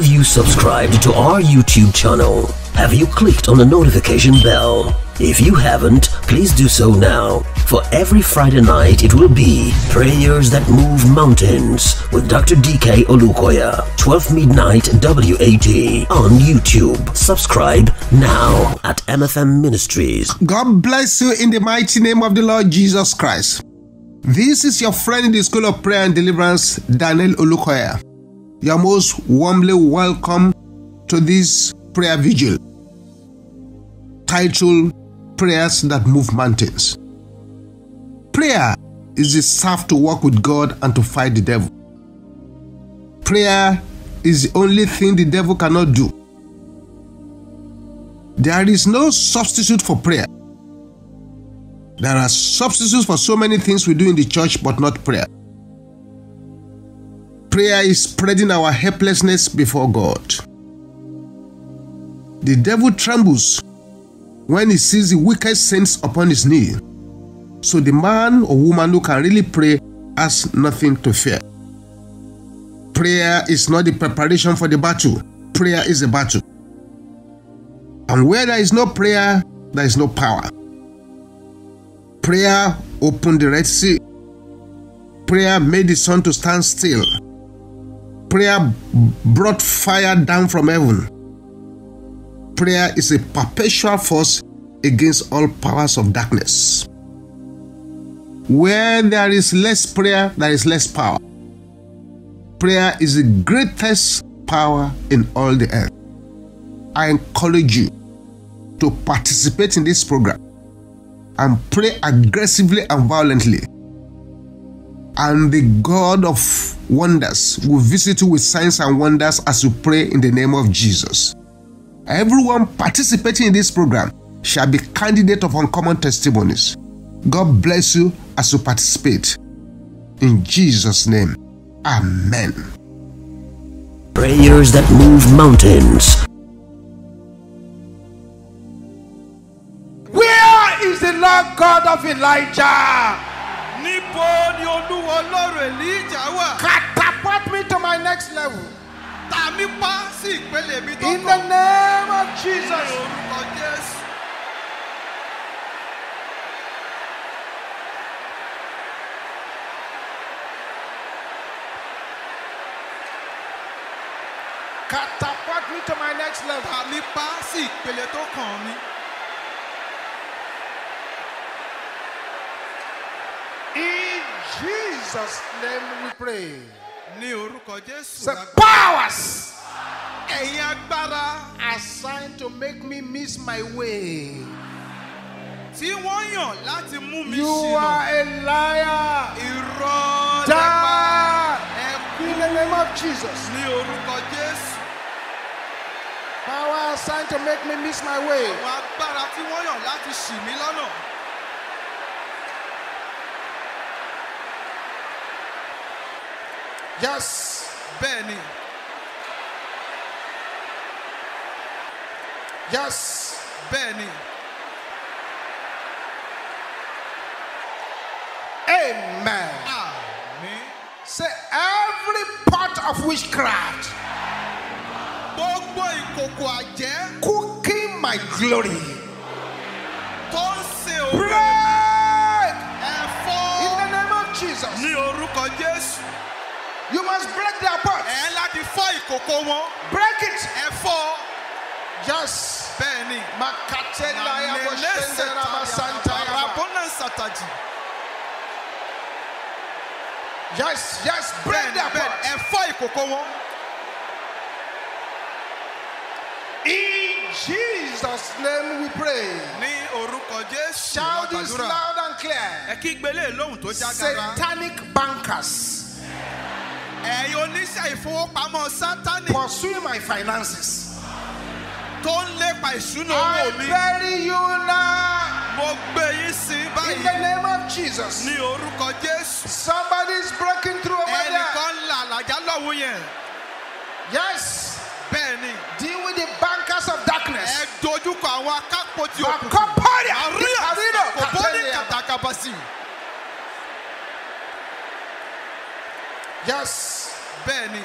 Have you subscribed to our YouTube channel? Have you clicked on the notification bell? If you haven't, please do so now. For every Friday night, it will be Prayers That Move Mountains with Dr. DK Olukoya, 12 midnight WAT on YouTube. Subscribe now at MFM Ministries. God bless you in the mighty name of the Lord Jesus Christ. This is your friend in the School of Prayer and Deliverance, Daniel Olukoya. You are most warmly welcome to this prayer vigil titled Prayers That Move Mountains. Prayer is the staff to work with God and to fight the devil. Prayer is the only thing the devil cannot do. There is no substitute for prayer. There are substitutes for so many things we do in the church, but not prayer. Prayer is spreading our helplessness before God. The devil trembles when he sees the wicked saints upon his knee. So the man or woman who can really pray has nothing to fear. Prayer is not the preparation for the battle. Prayer is a battle. And where there is no prayer, there is no power. Prayer opened the Red Sea. Prayer made the sun to stand still. Prayer brought fire down from heaven. Prayer is a perpetual force against all powers of darkness. Where there is less prayer, there is less power. Prayer is the greatest power in all the earth. I encourage you to participate in this program and pray aggressively and violently and the God of wonders will visit you with signs and wonders as you pray in the name of Jesus. Everyone participating in this program shall be candidate of uncommon testimonies. God bless you as you participate. In Jesus' name, Amen. Prayers that move mountains. Where is the Lord God of Elijah? Níbo ni Olúwa Ọlọ́run Èlíjà wà? Catapult me to my next level. Tà mí pa sí ìpele mi tó kàn. In the name of Jesus. Ní orúkọ Catapult me to my next level. Tà mí pa sí ìpele tó kàn mí. Jesus' name we pray. The powers. Ẹ̀yin agbára. Assigned to make me miss my way. You are a liar. Irọ́ lápá. In the name of Jesus. Power assigned to make me miss my way. Yes, Benny. Yes, Benny. Amen. Amen. Say every part of witchcraft. Gbogbo ìkòkò Cooking my glory. Tó ń se Break. In the name of Jesus. You must break their pot. Ẹ láti fọ́ ìkòkò wọn. Break it. Ẹ fọ́. Yes. Bẹ́ẹ̀ni. Makatela ya bọ̀ ṣẹ́ndẹ̀rẹ́ ma santa ya Rabona sataji. Yes, yes, break their pot. Ẹ fọ́ ìkòkò wọn. In Jesus' name we pray. Ní orúkọ Jésù. Shout this loud and clear. Ẹ kí gbélé lóhùn tó jágara. Satanic bankers. Pursuing my finances. I bury you now. In the name of Jesus. Somebody is breaking through over there. Yes. Deal with the bankers of darkness. Yes bẹ́ẹ̀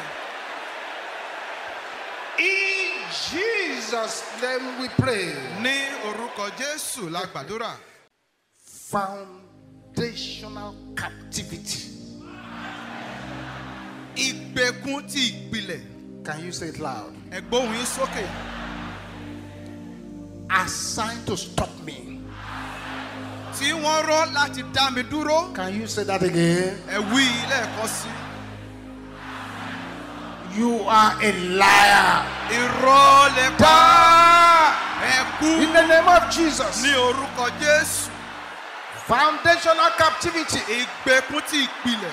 In Jesus' name we pray. Ní orúkọ Jésù la Foundational captivity. Ìgbèkùn ti ìpìlẹ̀. Can you say it loud? Ẹ̀gbọ́n yín sókè. Assigned to stop me. tí wọ́n rọ́ láti dá mi dúró. Can you say that again? Ẹ wí lẹ́ẹ̀kan sí i. You are a liar. Irọ́ lẹ pa. Ẹ kú. In the name of Jesus. Ní orúkọ Jésù. Foundational captivity. Ìgbèkùn ti ìpìlẹ̀.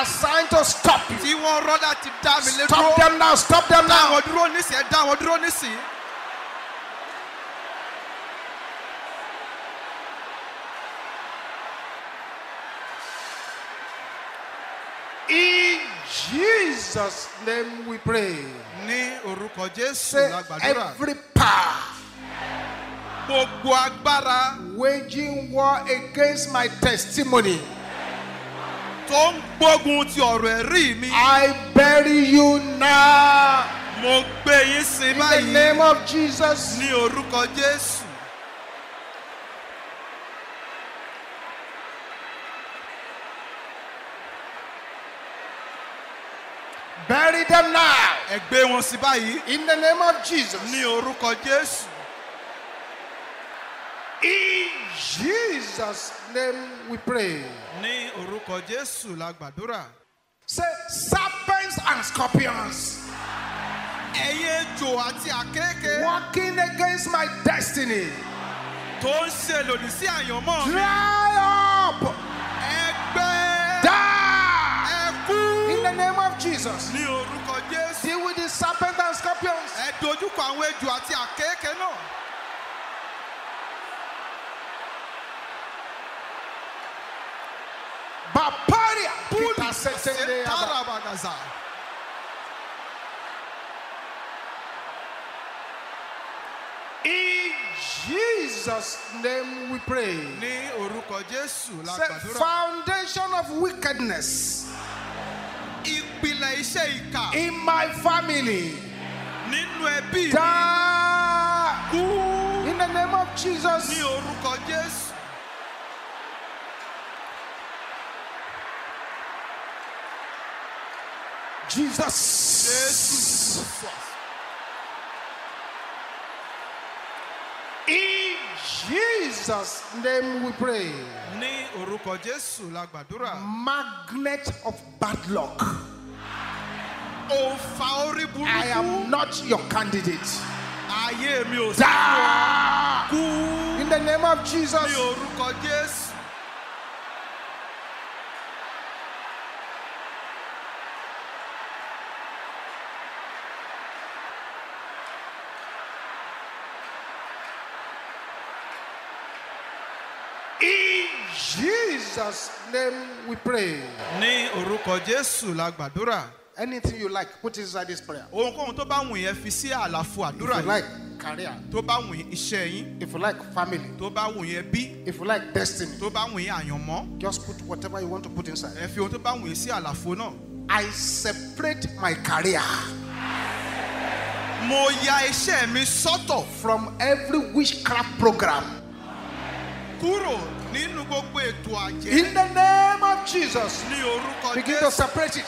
Assigned to stop you. Tí wọ́n rọ́ láti dá mi lé dúró. Stop them now, stop them now. Dá wọn dúró nísìnyí, dá wọn dúró nísìnyí. Jesus' name we pray. Ní orúkọ Jésù la Say every power. Gbogbo agbára. Waging war against my testimony. Tó ń gbógun ti ọ̀rọ̀ ẹ̀rí mi. I bury you now. Mo gbé yín sí báyìí. In the name of Jesus. Ní orúkọ Jésù. them now. In the name of Jesus. In Jesus' name we pray. Say serpents and scorpions. Ẹyẹ Working against my destiny. Dry up. the name of Jesus. Ní orúkọ Deal with the serpent and scorpions. Ẹ dojúkọ àwọn àti Baparia. In Jesus' name we pray. Foundation of wickedness in my family. in the name of Jesus. Jesus. In Jesus' name we pray. Magnet of bad luck. I am not your candidate. Die. In the name of Jesus. Jesus' name we pray. Ní orúkọ Jésù la anything you like put inside this prayer. ohunkóhun tó bá wù yẹn fi sí àlàfo àdúrà yìí. if you like career. tó bá iṣẹ́ yín. if you like family. tó bá if you like destiny. tó bá wù yín àyànmọ́. just put whatever you want to put inside. ẹ fi ohun tó bá we see sí àlàfo náà. I separate my career. Mo ya iṣẹ́ mi sọ́tọ̀. From every witchcraft program. Kúrò nínú gbogbo ètò àjẹ́. In the name of. Jesus. Begin to separate it.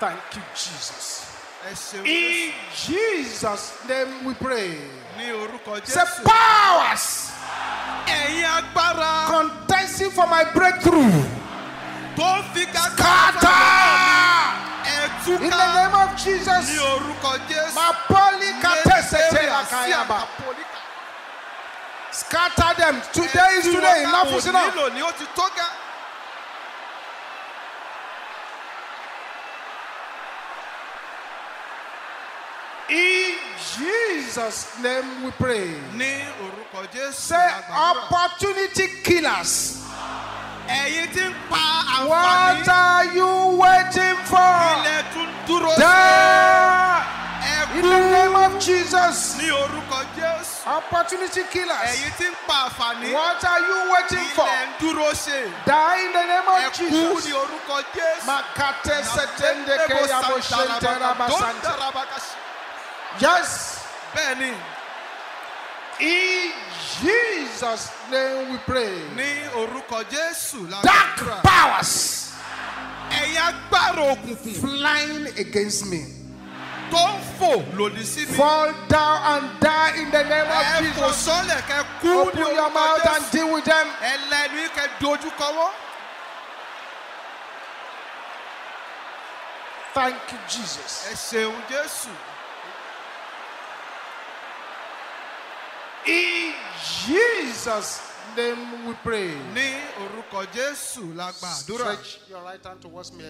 Thank you, Jesus. In Jesus' name we pray. Say powers contesting for my breakthrough. Scatter in the name of Jesus. Ní orúkọ Jésù. Mapolika Scatter them. Today is today. enough is enough. In Jesus' name we pray. Say opportunity killers. What are you waiting for? Die! In the name of Jesus. Opportunity killers. What are you waiting for? Die in the name of Jesus. Yes. In Jesus' name we pray. Dark powers. Flying against me. Tó ń fò Fall down and die in the name of Jesus. Open your mouth and deal with them. Thank you, Jesus. In Jesus' name we pray. Stretch your right hand towards me.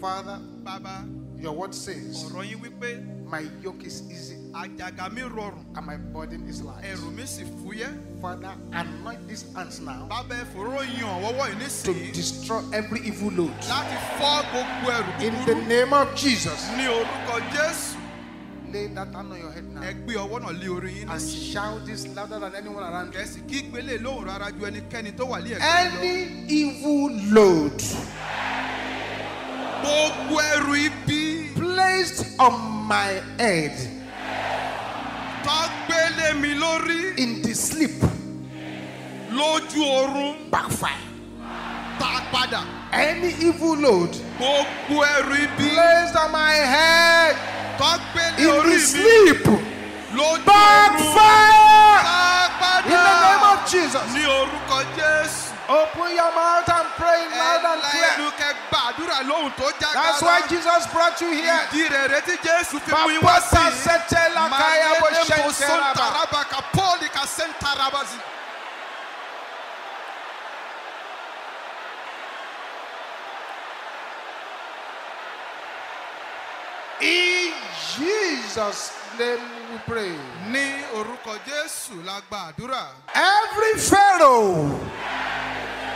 Father. Bàbá. Your word says. My yoke is easy. And my burden is light. Father, anoint these hands now. To destroy every evil load. In the name of Jesus. lay that hand on your head now. ẹ ọwọ́ náà lé orí yín náà. and shout this louder than anyone around you. kẹ̀sì kí gbélé lóhùn rárá ju ẹnikẹ́ni tó wà ní ẹ̀gbẹ́ lọ. any evil load. gbogbo ẹrù ibi. placed on my head. tọ́gbélé mi lórí. in the sleep. lójú oorun. backfire. tá a padà. any evil load. gbogbo ẹrù ibi. placed on my head. in his sleep backfire in the name of Jesus. Open your mouth and pray loud and clear. That's why Jesus brought you here. Bapasa setela kaya boshentela. Jesus' name we pray. Ní orúkọ Jésù la gba àdúrà. Every Pharaoh.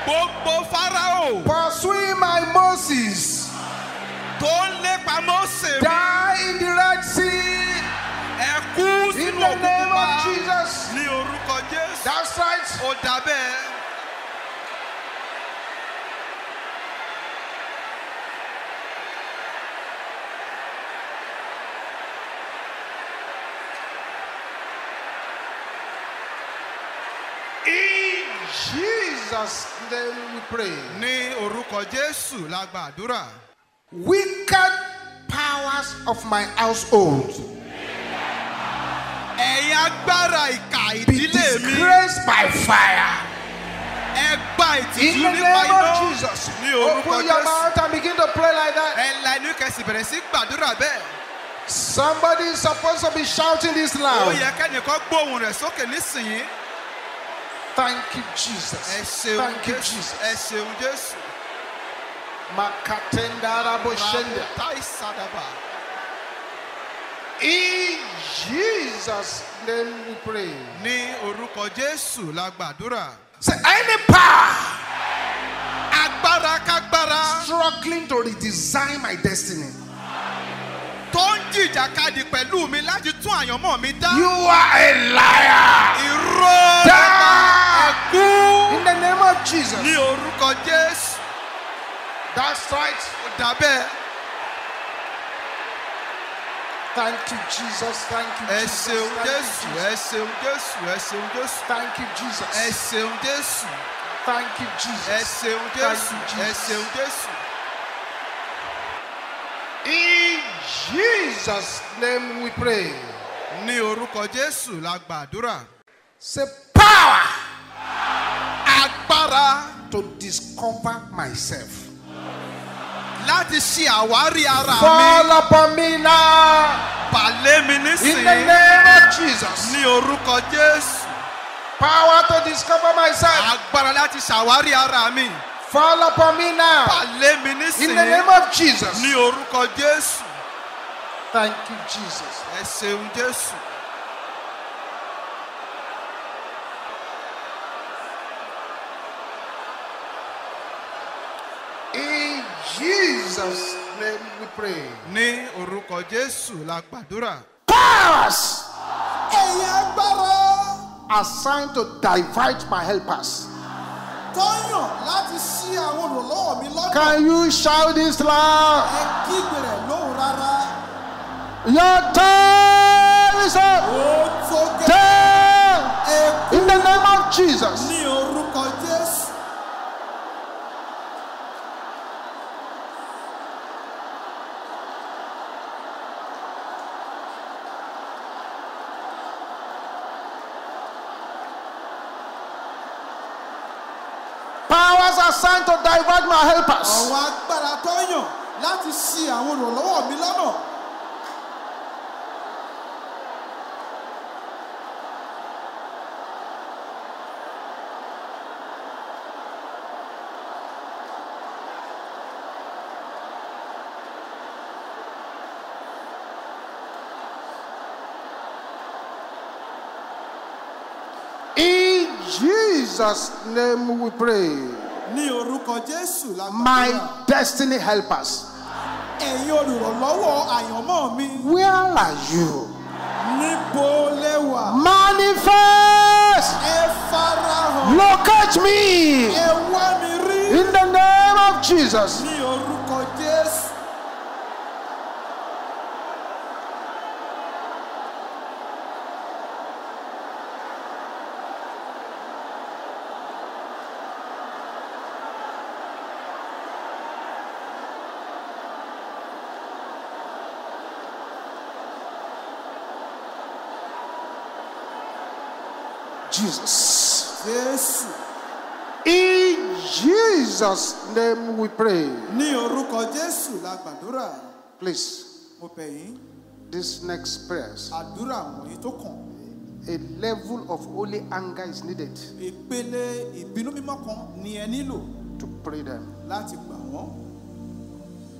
Gbogbo Fáráò. Pursuing my Moses. Tó ń lépa Mósè mi. Die in the Red Sea. Ẹ sínú òkú In the name of Jesus. Ní orúkọ Jésù. That's right. Ó dà Jesus' name we pray. Ní orúkọ Jésù la gba àdúrà. Wicked powers of my household. Ẹ̀yin agbára ìkà ìdílé mi. Be disgraced by fire. Ẹ gba ìtìjú nípa iná. Ní orúkọ Jésù. Open your mouth and begin to pray like that. Ẹ la inú kẹsì bẹ̀rẹ̀ sí gbàdúrà bẹ́ẹ̀. Somebody is supposed to be shouting this loud. Ó yẹ kẹ́nìkan gbóhùn rẹ̀ sókè nísìnyí. Thank you, Jesus. Thank you, Jesus. Jesus. Makatendara Boshenda. In Jesus' name we pray. Ni orúkọ Jésù lagbadura. Say any power. Agbára kágbára. Struggling to redesign my destiny. Tó ń jìjàkadì pẹ̀lú mi láti tún àyànmọ́ mi dá. You are a liar. Irọ́. Dáa máa in the name of Jesus. ní orúkọ Jésù. that's right. ó dà Thank you, Jesus. Thank you, Jesus. Ẹ Jésù. Ẹ Jésù. Ẹ Jésù. Thank you, Jesus. Ẹ Jésù. Thank you, Jesus. Ẹ Jésù. Ẹ Jésù. In Jesus' name we pray. Ní orúkọ Jésù la gbàdúrà. Say power agbára to discover myself. Láti ṣe àwárí ara mi. Fall upon me now. Bàlẹ́ mi nísìnyí. In the name of Jesus. Ní orúkọ Jésù. Power to discover myself. Agbára láti ṣàwárí ara mi. Fall upon me now. Bàlẹ́ mi nísìnyí. In the name of Jesus. Ní orúkọ Jésù. Thank you Jesus. Ẹ ṣeun Jésù. Jesus' name we pray. Ní orúkọ Jésù la gbàdúrà. Powers! Ẹ̀yin agbára. Assigned to divide my helpers. Tọ́yàn láti ṣí àwọn olùrànlọ́wọ́ mi lọ́dọ̀. Can you shout this loud? Ẹ rárá. Your time is up. In the name of Jesus. In Jesus' name we pray. My destiny helpers. Where are you? Manifest. Locate me. In the name of Jesus. Jesus. Yes. In Jesus' name we pray. Ní la Please. Mo This next prayers. Àdúrà A level of holy anger is needed. Ìpele ni To pray them.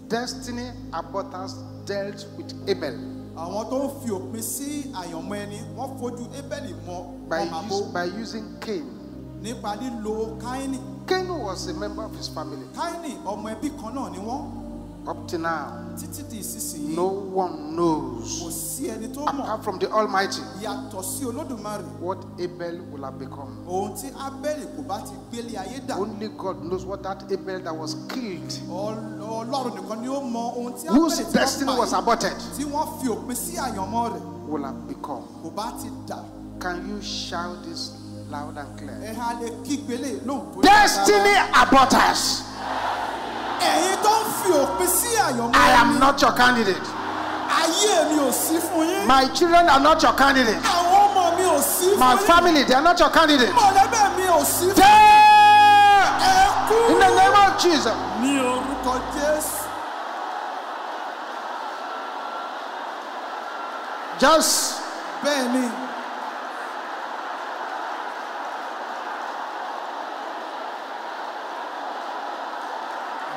Destiny abundance dealt with Abel àwọn tó ń fi òpin sí àyànmọ́ ẹni wọ́n fojú abẹ́lì mọ ọmọ àbó. by using Cain. nípa lílo Káínì. Cain was a member of his family. Káínì ọmọ ẹbí kan náà ni wọ́n. Up to now, no one knows apart from the Almighty what Abel will have become. Only God knows what that Abel that was killed, whose destiny was aborted, will have become. Can you shout this loud and clear? Destiny aborters. ẹ̀yin tó ń fi òpin sí àyànmọ́ mi. I am not your candidate. ayé mi ò sí fún yín. my children are not your candidate. àwọn ọmọ mi ò sí fún yín. my family they are not your candidate. mọ̀lẹ́bẹ̀ mi ò sí fún yín. ẹ kú. in the name of Jesus. ní orúkọ Jésù. just. bẹ́ẹ̀ ni.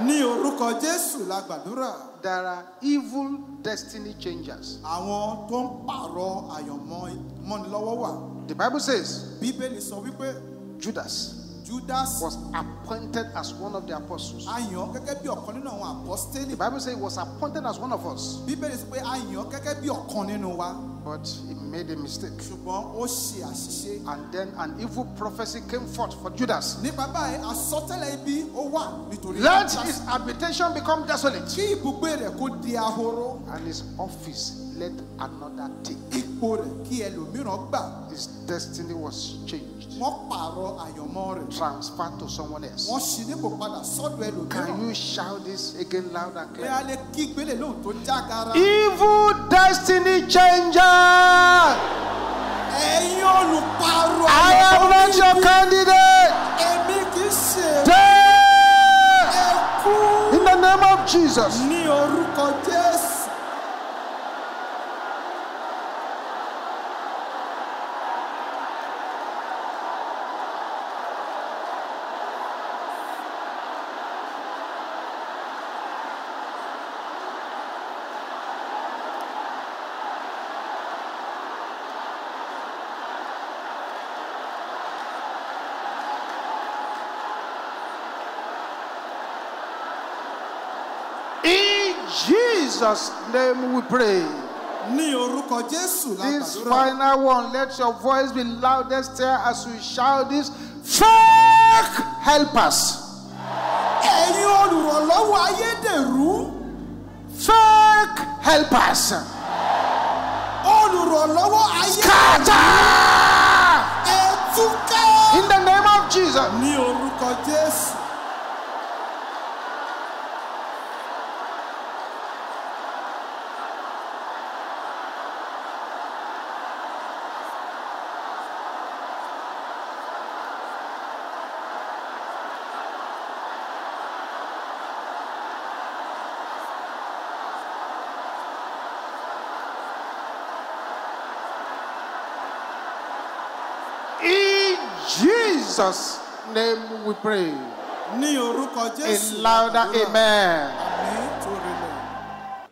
Ní orúkọ Jésù la gbàdúrà. There are evil destiny changers. Àwọn tó ń pààrọ̀ àyànmọ́ mọ́nilọ́wọ́ wà. The Bible says. Bíbélì sọ wípé. Judas. Judas was appointed as one of the apostles. A gẹ́gẹ́ bí ọ̀kan nínú àwọn apostoli. The Bible says he was appointed as one of us. Bíbélì sọ pé a gẹ́gẹ́ bí ọ̀kan nínú wa. but he made a mistake. And then an evil prophecy came forth for Judas. Let his habitation become desolate and his office let another take. Ipò rẹ̀ kí ẹlòmíràn gbà. His destiny was changed. Wọ́n pààrọ̀ àyànmọ́ rẹ̀. Transferred to someone else. Wọ́n ṣì padà sọ́dọ̀ ẹlòmíràn. Can you shout this again loud and clear? á lè ìgbélé lóhùn Evil destiny changer. Ẹ̀yin olùpààrọ̀ àyànmọ́ rẹ̀. I am not your candidate. Èmi kì í ṣe. Dé. Ẹ kú. In the name of Jesus. Ní orúkọ Jesus' name we pray. This final one, let your voice be loudest here as we shout this. Fuck! Help us. Ẹ̀yin Fuck! Help us. Scatter! In the name of Jesus. Jesus' name we pray. Ní A louder amen.